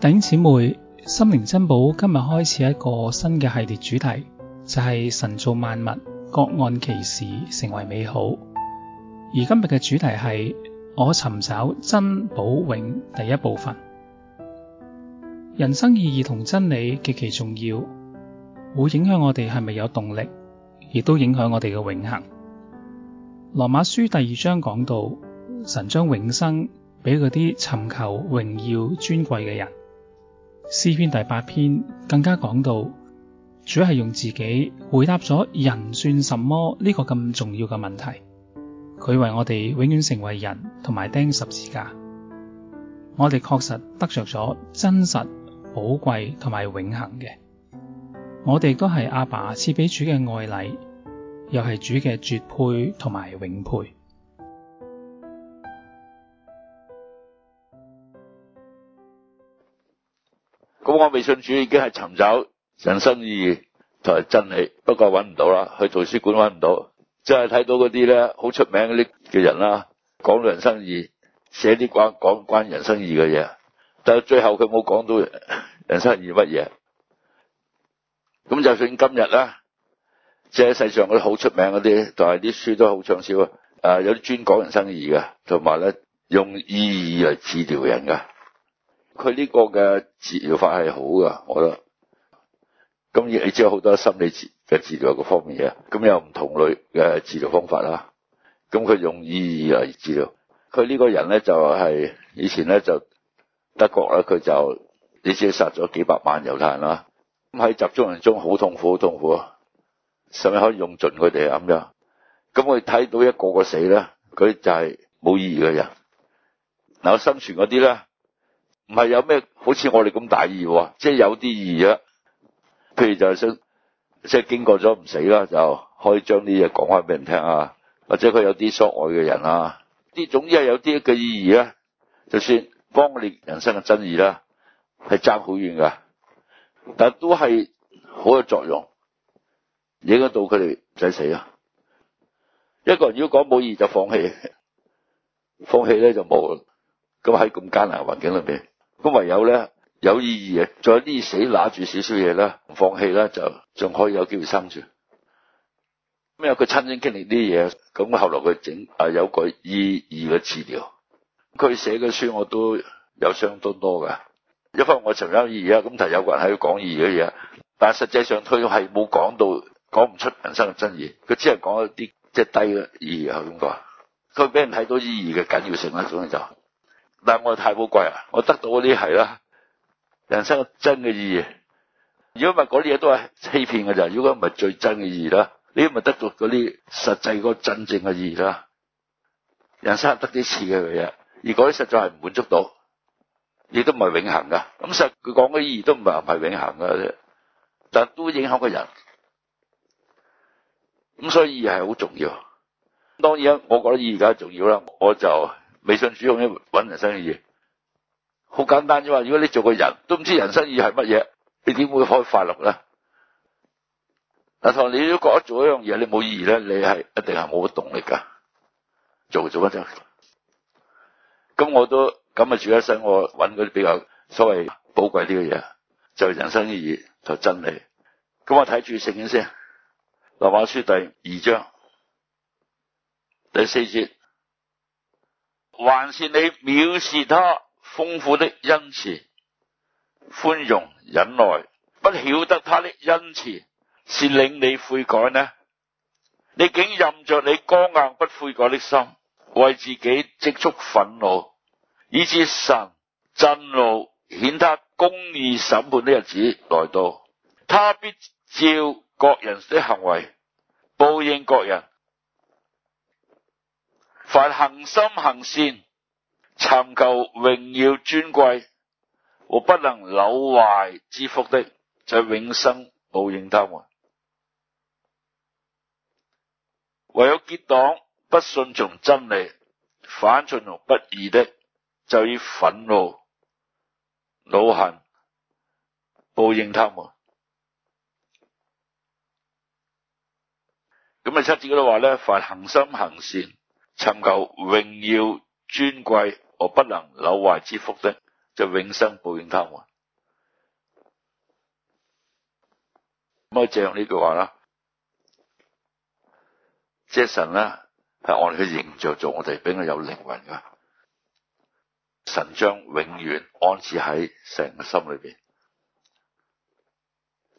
弟兄姊妹，心靈珍寶今日開始一個新嘅系列主題，就係、是、神造萬物，各按其時成為美好。而今日嘅主題係我尋找真、寶、永第一部分。人生意義同真理極其重要，會影響我哋係咪有動力，亦都影響我哋嘅永恆。羅馬書第二章講到，神將永生俾嗰啲尋求榮耀尊貴嘅人。詩篇第八篇更加講到，主係用自己回答咗人算什麼呢個咁重要嘅問題。佢為我哋永遠成為人同埋釘十字架，我哋確實得着咗真實、寶貴同埋永恆嘅。我哋都係阿爸賜俾主嘅愛禮，又係主嘅絕配同埋永配。咁我未信主已經係尋找人生意義同埋真理，不過揾唔到啦，去圖書館揾唔到，即係睇到嗰啲咧好出名嗰啲嘅人啦，講到人生意，寫啲關講關人生意嘅嘢，但係最後佢冇講到人，人生意乜嘢。咁就算今日啦，即係世上嗰啲好出名嗰啲，但係啲書都好暢銷，誒、呃，有啲專講人生意嘅，同埋咧用意義嚟治療人㗎。佢呢個嘅治療法係好噶，我覺得咁你知係好多心理治嘅治療方面嘅，咁有唔同類嘅治療方法啦。咁佢用意義嚟治療，佢呢個人咧就係、是、以前咧就德國啦，佢就你知殺咗幾百萬猶太人啦，咁喺集中營中好痛苦，好痛苦，啊。甚至可以用盡佢哋啊咁樣。咁佢睇到一個個死咧，佢就係冇意義嘅人嗱，我生存嗰啲咧。唔係有咩好似我哋咁大意，即係有啲意義啊。譬如就係想，即係經過咗唔死啦，就可以將啲嘢講翻俾人聽啊。或者佢有啲所愛嘅人啊，啲總之係有啲嘅意義咧。就算幫佢哋人生嘅真義啦，係爭好遠噶，但都都係好有作用，影響到佢哋唔使死啊。一個人如果講冇意義就放棄，放棄咧就冇。咁喺咁艱難嘅環境裏邊。咁唯有咧有意義嘅，再啲死拿住少少嘢啦，唔放棄啦，就仲可以有機會生存。咁有佢親身經歷啲嘢，咁我後來佢整啊，有個意義嘅治療。佢寫嘅書我都有相當多㗎。一方面我尋找意義啊，咁就有個人喺度講意義嘅嘢，但係實際上佢係冇講到，講唔出人生嘅真義。佢只係講一啲即係低嘅意義係點講啊？佢俾人睇到意義嘅緊要性啦，總之就是。但係我太寶貴啊！我得到嗰啲係啦，人生真嘅意義。如果唔係嗰啲嘢都係欺騙嘅咋，如果唔係最真嘅意義啦，你唔係得到嗰啲實際個真正嘅意義啦。人生得幾次嘅嘢，而嗰啲實在係唔滿足到，亦都唔係永恒噶。咁實佢講嘅意義都唔係唔係永恒嘅，但都影響個人。咁所以意義係好重要。當然，我覺得意義梗係重要啦，我就。未信主要咩？搵人生嘅嘢，好簡單啫嘛！如果你做個人都唔知人生意義係乜嘢，你點會開快樂咧？阿唐，你都覺得做一樣嘢你冇意義咧，你係一定係冇動力噶做做乜啫？咁我都咁啊，住一生我搵嗰啲比較所謂寶貴啲嘅嘢，就係、是、人生意義，就真理。咁我睇住聖經先，羅馬書第二章第四節。還是你藐視他豐富的恩慈、寬容、忍耐，不曉得他的恩慈是領你悔改呢？你竟任着你剛硬不悔改的心，為自己積蓄憤怒，以致神震怒、顯他公義審判的日子來到，他必照各人的行為報應各人。凡恆心行善，尋求榮耀尊貴和不能朽壞之福的，就以永生報應他們；唯有結黨不順從真理，反順從不義的，就以憤怒惱恨報應他們。咁啊，七節嗰度話咧，凡恆心行善。尋求榮耀尊貴和不能朽壞之福的，就永生報應他們。咁啊，借用呢句話啦，即係神咧係按佢形象做，我哋畀佢有靈魂噶。神將永遠安置喺成個心裏面，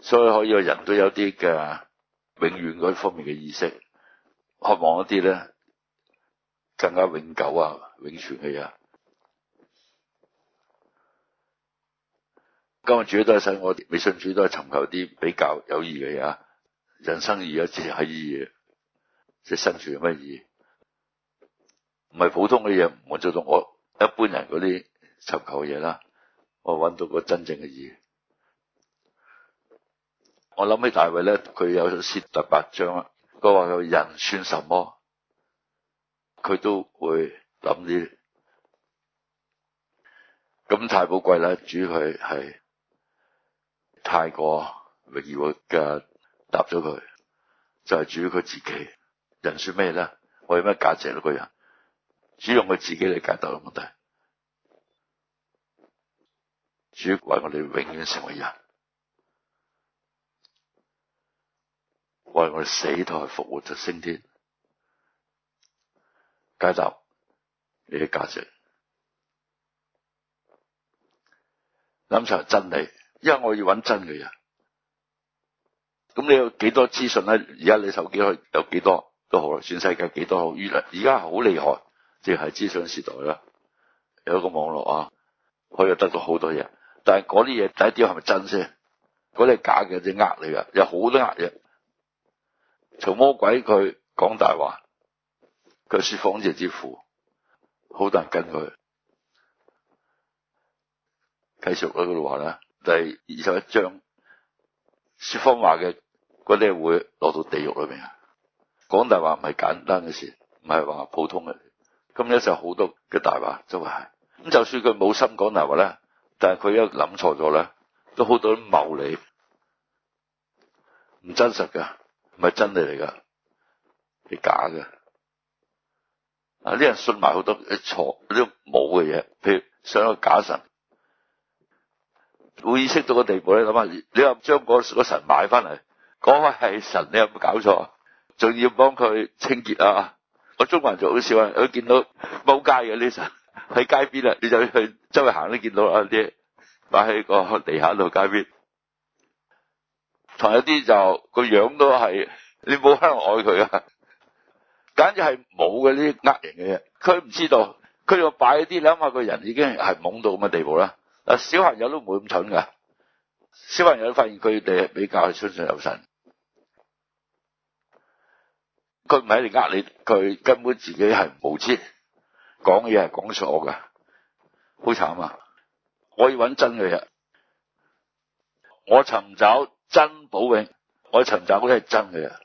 所以可以個人都有啲嘅永遠嗰方面嘅意識，渴望一啲咧。更加永久啊、永存嘅嘢啊。今日主都係使我哋微信主都係尋求啲比較有意嘅嘢啊。人生意啊，即係意義，即係生存乜意？唔係普通嘅嘢，我會做到我一般人嗰啲尋求嘅嘢啦。我揾到個真正嘅意義。我諗起大衛咧，佢有詩第八章啊，佢話：人算什麼？佢都會諗啲，咁太寶貴啦！主佢係太過榮耀嘅，答咗佢，就係、是、主佢自己，人算咩咧？我有咩價值咯？個人主用佢自己嚟解答問題，主為我哋永遠成為人，為我哋死都係復活就升天。解答，你嘅價值，諗出係真理，因為我要揾真嘅人。咁你有幾多資訊咧？而家你手機可以有幾多都好啦，全世界幾多好，越而家好厲害，即係資訊時代啦。有一個網絡啊，可以得到好多嘢，但係嗰啲嘢第一點係咪真先？嗰啲係假嘅，即呃你噶，有好多呃嘢，從魔鬼佢講大話。佢說謊者之父，好多人跟佢。繼續嗰句話咧，第二十一章說謊話嘅嗰啲會落到地獄裏邊啊！講話大話唔係簡單嘅事，唔係話普通嘅。咁咧就好多嘅大話，即係咁。就算佢冇心講大話咧，但係佢一諗錯咗咧，都好多啲謬理，唔真實噶，唔係真理嚟噶，係假嘅。啊！啲人信埋好多錯、啲冇嘅嘢，譬如上一個假神，會意識到個地步咧。諗下，你又將個神買翻嚟，嗰個係神，你有冇搞錯？仲要幫佢清潔啊！我中國人就好少啊，佢見到冇街嘅啲神喺街邊啊，你就去周圍行都見到啦，啲擺喺個地下度街邊。同一啲就個樣都係，你冇可能愛佢啊！簡直係冇嘅啲呃人嘅嘢，佢唔知道，佢又擺啲你諗下，個人已經係懵到咁嘅地步啦。嗱，小朋友都唔會咁蠢噶，小朋友都發現佢哋係比較相信有神。佢唔係嚟呃你，佢根本自己係無知，講嘢係講錯噶，好慘啊！我要揾真嘅嘢，我尋找真寶永，我尋找嗰啲係真嘅人。我尋找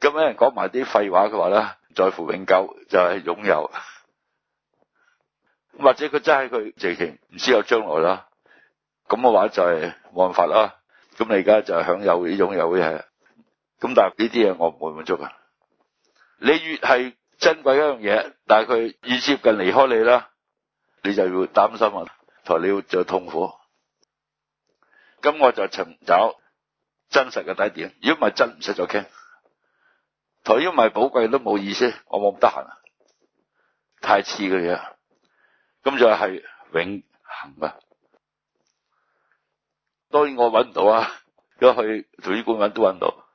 咁有人講埋啲廢話，嘅話咧，在乎永久就係擁有，或者佢真係佢直情唔知有將來啦。咁嘅話就係冇辦法啦。咁你而家就係享有呢擁有嘅嘢。咁但係呢啲嘢我唔會滿足啊！你越係珍貴一樣嘢，但係佢越接近離開你啦，你就要擔心啊，同你要就痛苦。咁我就尋找真實嘅底點。如果唔係真，唔使再傾。除咗唔係寶貴都冇意思，我冇咁得閒，太似嘅嘢，咁就係永恆嘅。當然我揾唔到啊，如果去圖書館揾都揾到，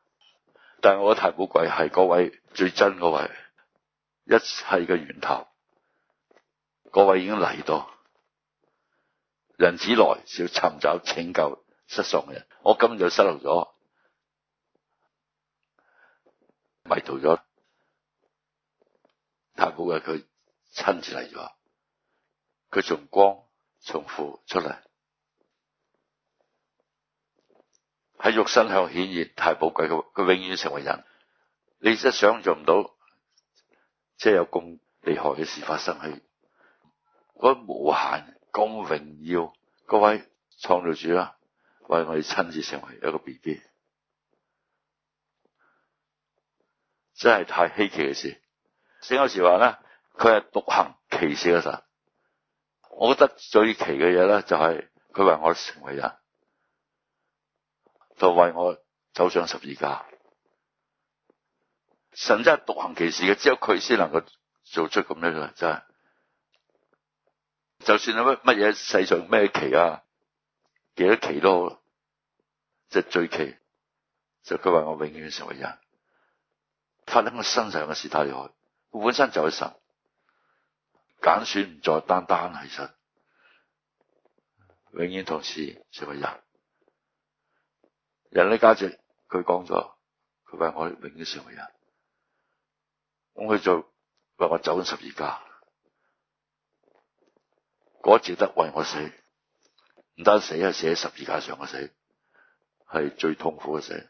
但係我覺得太寶貴係嗰位最真嗰位，一切嘅源頭，嗰位已經嚟到，人子來就要尋找拯救失喪嘅人，我今日就失落咗。迷途咗，太寶貴，佢親自嚟咗，佢從光從父出嚟，喺肉身向顯現，太寶貴，佢佢永遠成為人，你真係想象唔到，即係有咁厲害嘅事發生去，嗰無限咁榮耀，各位創造主啊，為我哋親自成為一個 B B。真係太稀奇嘅事。聖有時話咧，佢係獨行奇事嘅神。我覺得最奇嘅嘢咧，就係佢為我成為人，就為我走上十字架。神真係獨行奇事嘅，只有佢先能夠做出咁樣嘅事，就是。就算有乜乜嘢世上咩奇啊，幾多奇都好，即、就、係、是、最奇。就佢、是、為我永遠成為人。發喺我身上嘅事太厲害，佢本身就係神揀選唔再單單係神，永遠同時成為人。人類價值佢講咗，佢話我永遠成為人。咁佢就話我走咗十字架。嗰值得為我死，唔單死係死喺十字架上嘅死，係最痛苦嘅死。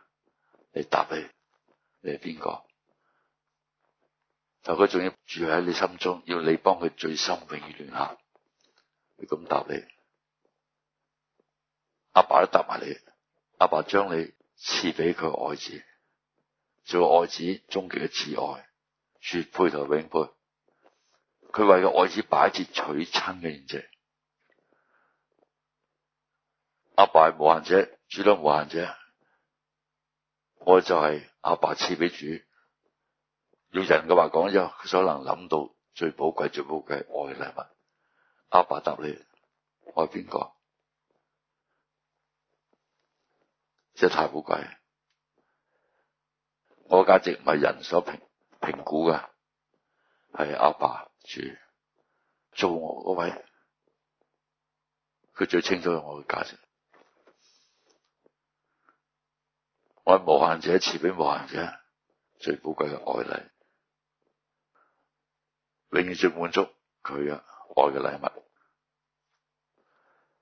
你答佢，你係邊個？但佢仲要住喺你心中，要你幫佢最深永遠聯合。佢咁答你，阿爸都答埋你。阿爸將你賜俾佢愛子，做愛子終極嘅摯愛，絕配同永配。佢為個愛子擺設娶親嘅形式。阿爸係無限者，主都無限者。我就係阿爸賜俾主，用人嘅話講，有佢所能諗到最寶貴、最寶貴愛嘅禮物。阿爸，爸答你，我係邊個？真係太寶貴，我價值唔係人所評評估嘅，係阿爸，爸主做我嗰位，佢最清楚我嘅價值。愛無限者賜俾無限者最寶貴嘅愛嚟，永遠最滿足佢啊愛嘅禮物。